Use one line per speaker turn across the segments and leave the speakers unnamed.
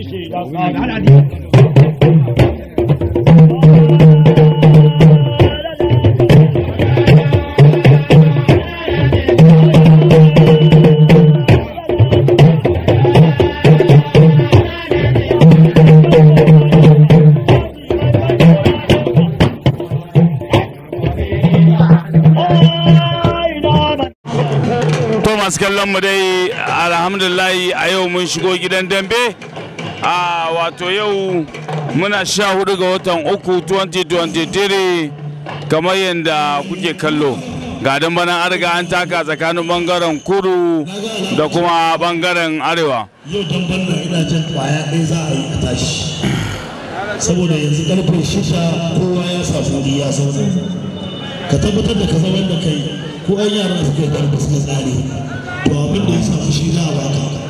masu kallon mu dai alhamdulillahi a yau mun shigo gidan dambe a wato yau muna sha hudu ga watan uku 2023 kamar yadda kuke kallo gadin bana an riga an taka tsakanin bangaren kudu da kuma bangaren arewa yau don ina jan kwaya ɗaya za a yi a tashi saboda yanzu karfe shisha kowa ya sa wuri ya zauna ka tabbatar da ka zama da kai ko an yara suke yi karfe suka tsare to abin da ya samu shi za a baka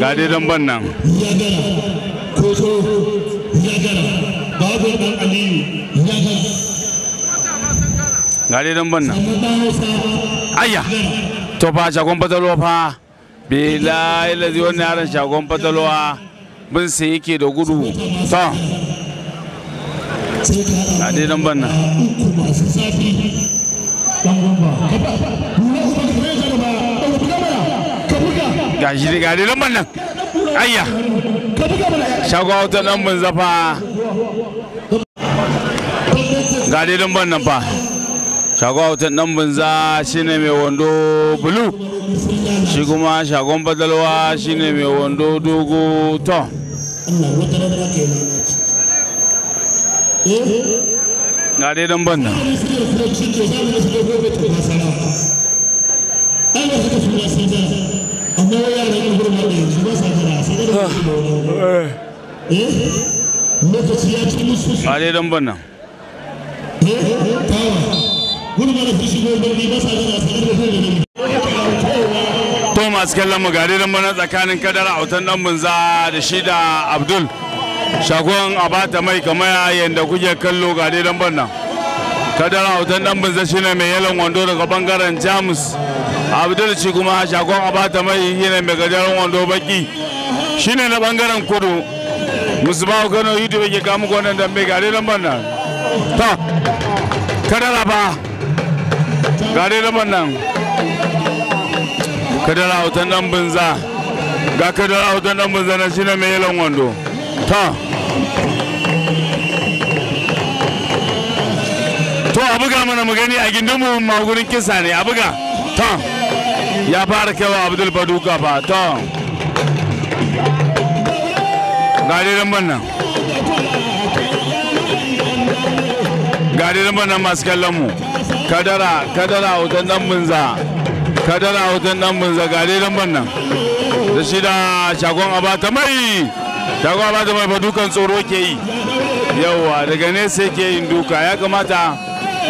ga dai ban nan ga dai ban nan ayya to fa shagon fatalwa fa bilahi lazi wannan yaran shagon fatalwa bin sai yake da gudu to ga dai ban nan gashi ga dai lamban nan ayya shagwa nan mun zafa ga dai lamban nan fa shagwa nan mun za shine mai wando bulu shi kuma shagon badalwa shine mai wando dogo to ga dai lamban nan Allah lokaci a dan ban nan kallon dan bana tsakanin kadara autan dan bunza da shi da abdul shagon abata mai kamar yadda kuke kallo gari dan ban kadara autan dan bunza shine mai yalon wando daga bangaren jamus abdul shi kuma shagon abata mai shine mai gajeren wando baki shine na bangaren kudu musbahu gano yutu ke kawo muku wannan dambe ga dai lambar nan ta kadara ba ga dai lambar nan kadara wutan dan binza ga kadara wutan dan bunza na shine mai yalon wando ta to a buga mana mu gani a gindin mu magurin kisa ne a buga ta ya fara kewa abdul baduka fa ta. gari dai lambar nan gari lambar nan masu kallon mu kadara kadara hoton dan bunza kadara hoton dan bunza gari lambar nan da shi da shagon abata mai shagon abata mai fa dukan tsoro ke yi yauwa daga nesa ke yin duka ya kamata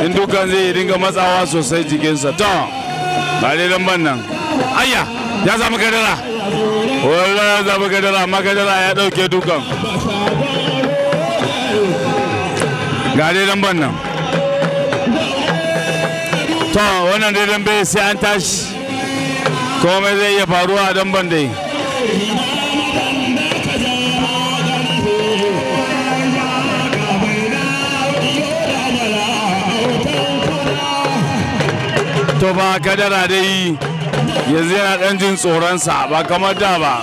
in dukan zai dinga matsawa sosai jikinsa to gari dai lambar nan ayya ya samu kadara ya zaɓi gadara amma gadara ya dauke dukan ga dai dan ban nan to wannan dai dan bai sai an tashi komai zai iya faruwa a dan ban dai to ba kadara dai yanzu yana dan jin tsoronsa ba kamar da ba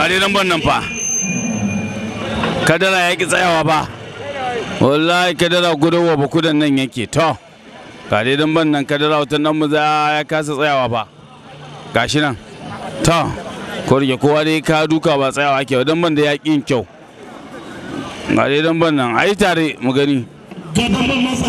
Gari nan nan fa, kadara ya tsayawa ba. wallahi kadara gudunwa ba kudan nan yake to ga dai dan ban nan kadara wata nan mu za ya kasa tsayawa ba gashi nan to ko rike kowa dai ka duka ba tsayawa ake dan ban da yakin kyau ga dai dan ban nan ai tare mu gani ban masa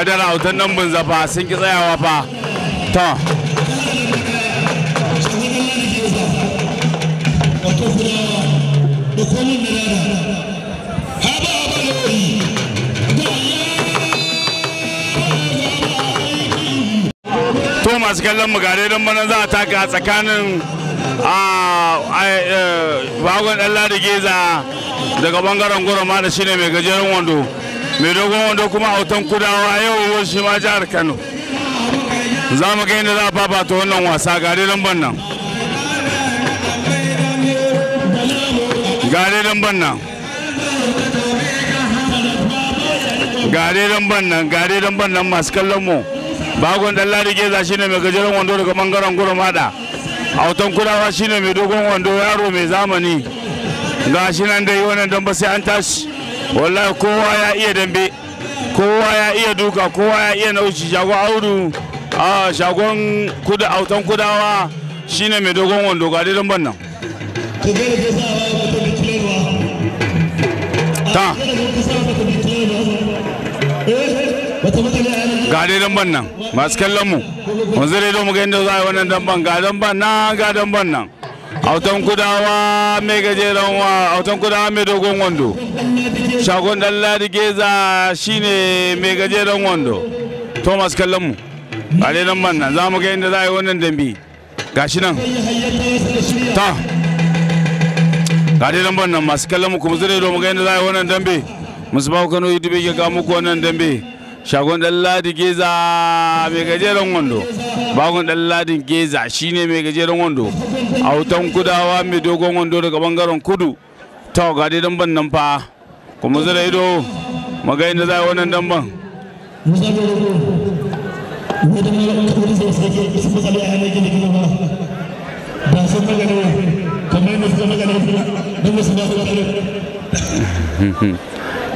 kadara hoton nan bin zafa sun ki tsayawa fa to masu kallon mugare don bana za a taka tsakanin e, bagon ɗan geza daga bangaren gurama da shine mai gajeren wando mai dogon wando kuma autan kudawa yau shi ma jihar kano za mu ga yadda za a babata wannan wasa gare lamban nan gare lamban nan gare lamban nan gare lamban nan masu kallon mu bagon dan larige za shine mai gajeren wando daga bangaren A autan kudawa shine mai dogon wando yaro mai zamani ga shi nan da yi wannan dan ba sai an tashi wallahi kowa ya iya dambe kowa ya iya duka kowa ya iya na'uci shagon audu a shagon kuda autan kudawa shine mai dogon wando ga dai ban nan ta ga dai damban nan masu kallon mu wanzu dai don mu ga yadda za a yi wannan ban ga ban nan ga ban nan autan kudawa mai gajeren wa autan kudawa mai dogon wando shagon dalladi geza shine mai gajeren wando thomas kallon mu nan man nan za mu ga inda za a yi wannan dambi gashi nan ta ga dai nan ban nan masu kallon mu kuma zai mu ga inda za a yi wannan dambe musu ba kano yi dube ga muku wannan dambe shagon dan ladin geza mai gajeren wando bagon dan ladin geza shine mai gajeren wando a hutan kudawa mai dogon wando daga bangaren kudu ta ga dai damban nan fa kuma zira ido magayin da za a wannan damban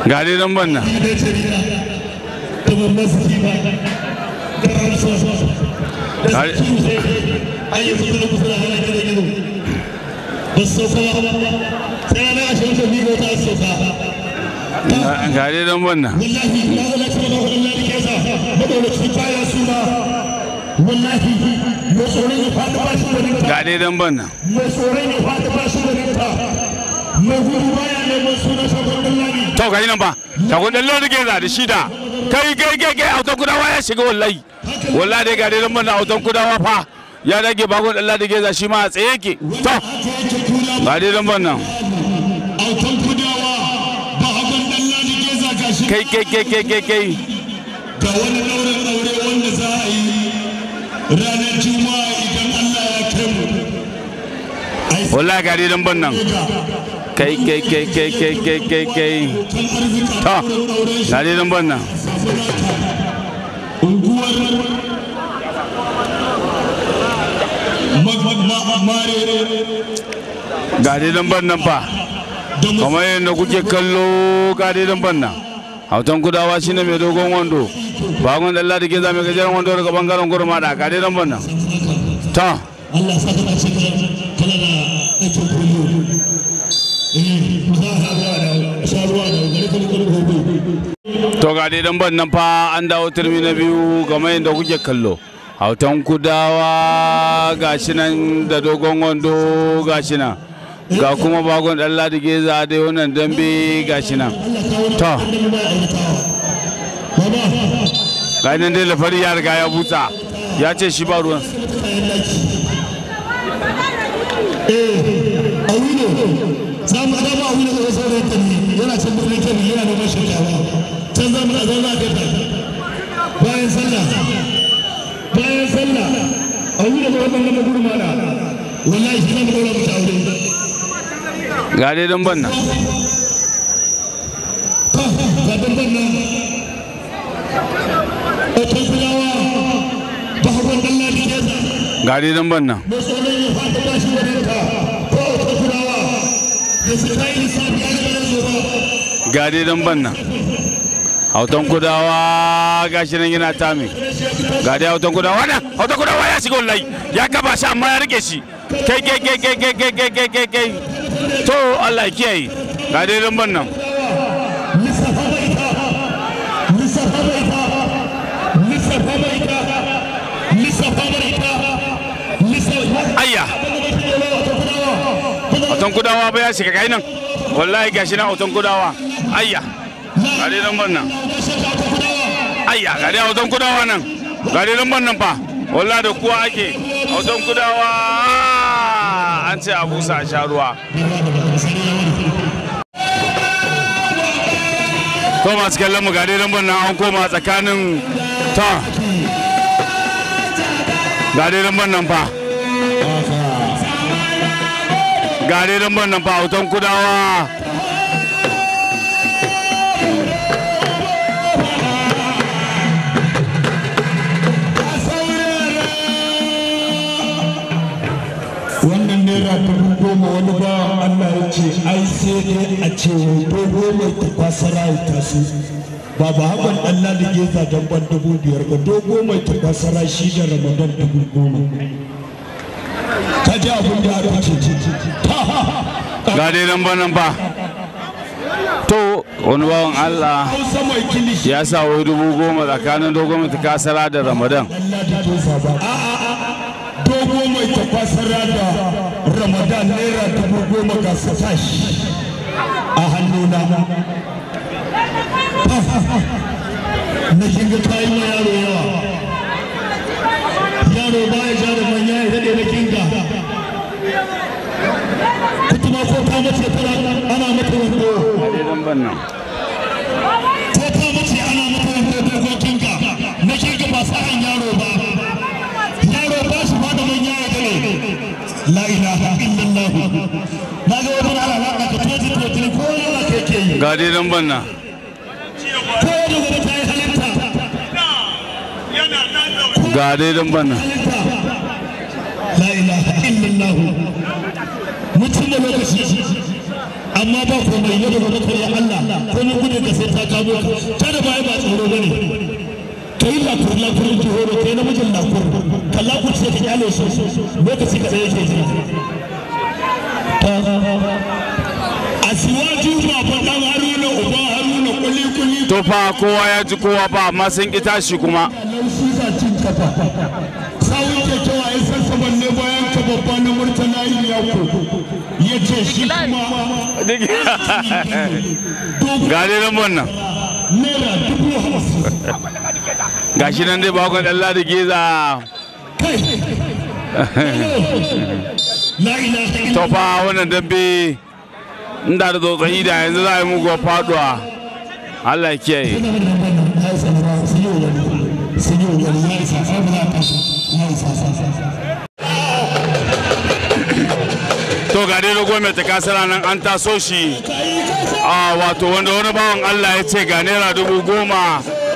ga dai damban nan zaman na don na don to ga nan ba shagon dan lori geza da shida kai kai kai kai autan kudawa ya shiga wallahi wallahi dai ga dai nan autan kudawa fa ya dage bakon Allah lori geza shi ma a tsaye yake to ba dai nan nan autan kudawa ba hakan dan lori geza ga shi kai kai kai kai kai kai ga wani daurin aure wanda za a yi ranar juma'a idan Allah ya kai mu wallahi ga dai nan nan Kay kay kay kay kay kay kay kay Ta, na dai nan ban nan unguwar ga dai nan ban nan fa gadi yadda kuke kallo ga dai nan ban nan hautan kudawa shine bagon dalla da ke zame gajeren wando daga bangaren gurma da ta to ga dai dan ban nan fa an dawo turmi na biyu kamar da kuke kallo hautan kudawa gashi nan da dogon wando gashi nan ga kuma bagon dan ladige za dai wannan dambe gashi nan to ga nan dai lafari ya riga ya buta ya ce shi ba ruwan eh, a wino za mu ga ba wino ga saurayin tafi yana can birnin tabi yana neman shirkawa za mu a banna dan banna banna hautan kudawa gashi nan yana tami ga dai hautan kudawa nan hautan kudawa ya shiga wallahi ya kaba shi amma ya rike shi kai kai kai kai kai kai kai kai kai kai to Allah kiyaye ga dai lamban nan ayya hautan kudawa ba ya shiga kai nan wallahi gashi na hautan kudawa ayya gari lambar nan ayya gari a wajen kudawa nan gari lambar nan fa wallah da kuwa ake a wajen kudawa an ce a busa a sha ruwa to masu kallon mu gari lambar nan an koma tsakanin ta gari lambar nan fa gari lambar nan fa a wajen kudawa goma wani ba Allah ya ce ai sai dai a ce dogo mai tafasa rayu su ba ba hakan Allah da geza ban dubu biyar ba dogo mai ta rayu shi da ramadan dubu goma ka ji abin da aka ce ga dai nan ba nan ba to wani bawan Allah ya sa wai dubu goma tsakanin dogon mai kasara da ramadan dogo mai tafasa da ramadan naira dubu goma ga safash a hannuna na shiga kayan ma yaro yawa yaro ba ya da manya ya na kinga kutuma ko ta mace tana ana mata wando ko ta mace ana mata wando ko kinga na ba yaro ba la ilaha illallah na ga wani alaka ka toti toti ko yawa kake ke ga dai dan banna ko da gobe ta yi halitta ga dai dan banna la ilaha illallah mutum da lokaci amma ba komai yadda gobe ko ya Allah ko mun gudu ka sai ta kamo ka da bai ba tsoro bane ta yi lakur lakurin ki horo ta yi namijin lakur kalla ku ce ta kyale su lokaci kaɗai yake jira asiwaju baban dan haruna uba haruna kuli kuli to fa kowa ya ji kowa ba amma sun ki tashi kuma sawun kyakkyawa ya sassaban ne bayan ka babba na murtala iyaku ya ce shi kuma ga ne nan naira dubu hamsin gashi nan dai bakon da ladi geza tofa wannan dambe inda da tsotsani da yanzu za a yi muguwar faduwa allah kiyaye to ga dai rago mai takasara nan an taso shi a ah, wato wanda wani bawan allah ya ce ga naira dubu goma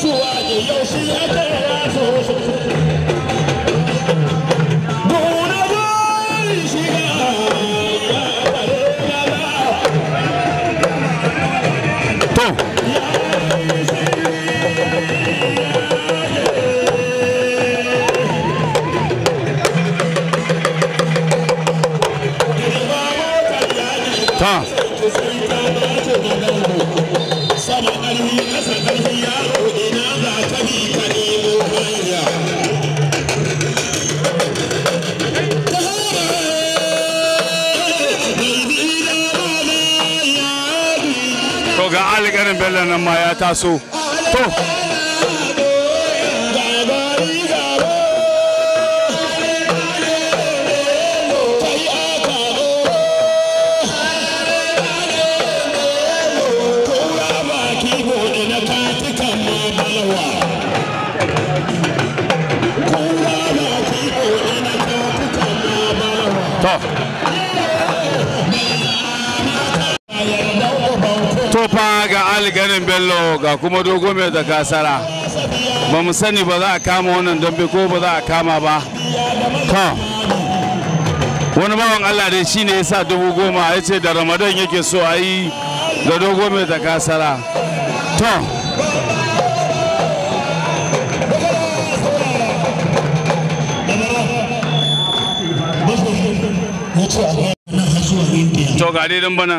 su wa ke yau shi bello nan ma ya taso to kuma ga alganin bello ga kuma dogo mai da kasara ba mu sani ba za a kama wannan dambe ko ba za a kama ba to wani bawan allah dai shine ya sa dubu goma ya ce da ramadan yake so a yi da dogo mai da kasara to To ga dai dan bana.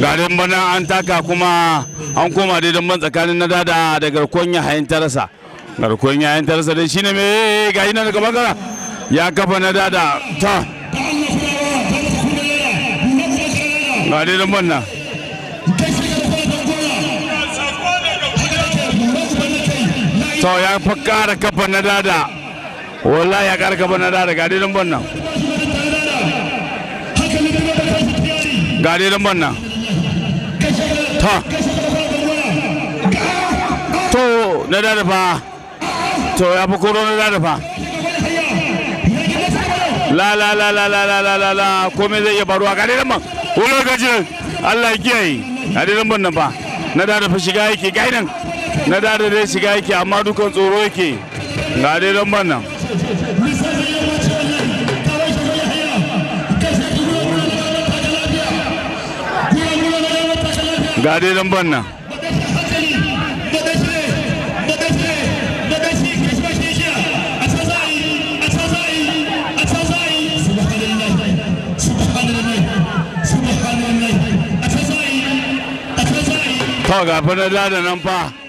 garin bana an taka kuma an koma daidan ban tsakanin na dada da garkon yahayin tarasa garkon yahayin tarasa dai shine me ga na daga bangaren ya kafa na dada ta ga daidan ban nan ya fa kara kafa na dada wallahi ya kara kafa na dada ga daidan ban nan ga daidan ta to na dadafa to ya fi koro na dadafa la la la la la la la la la komai zai iya faruwa ga dalilan wani gaji Allah ya kiyaye ga dalilan nan fa na dadafa shiga yake ga nan na dadafa shiga yake amma dukan tsoro yake ga dalilan nan ga dai lamban nan ga fa da nan fa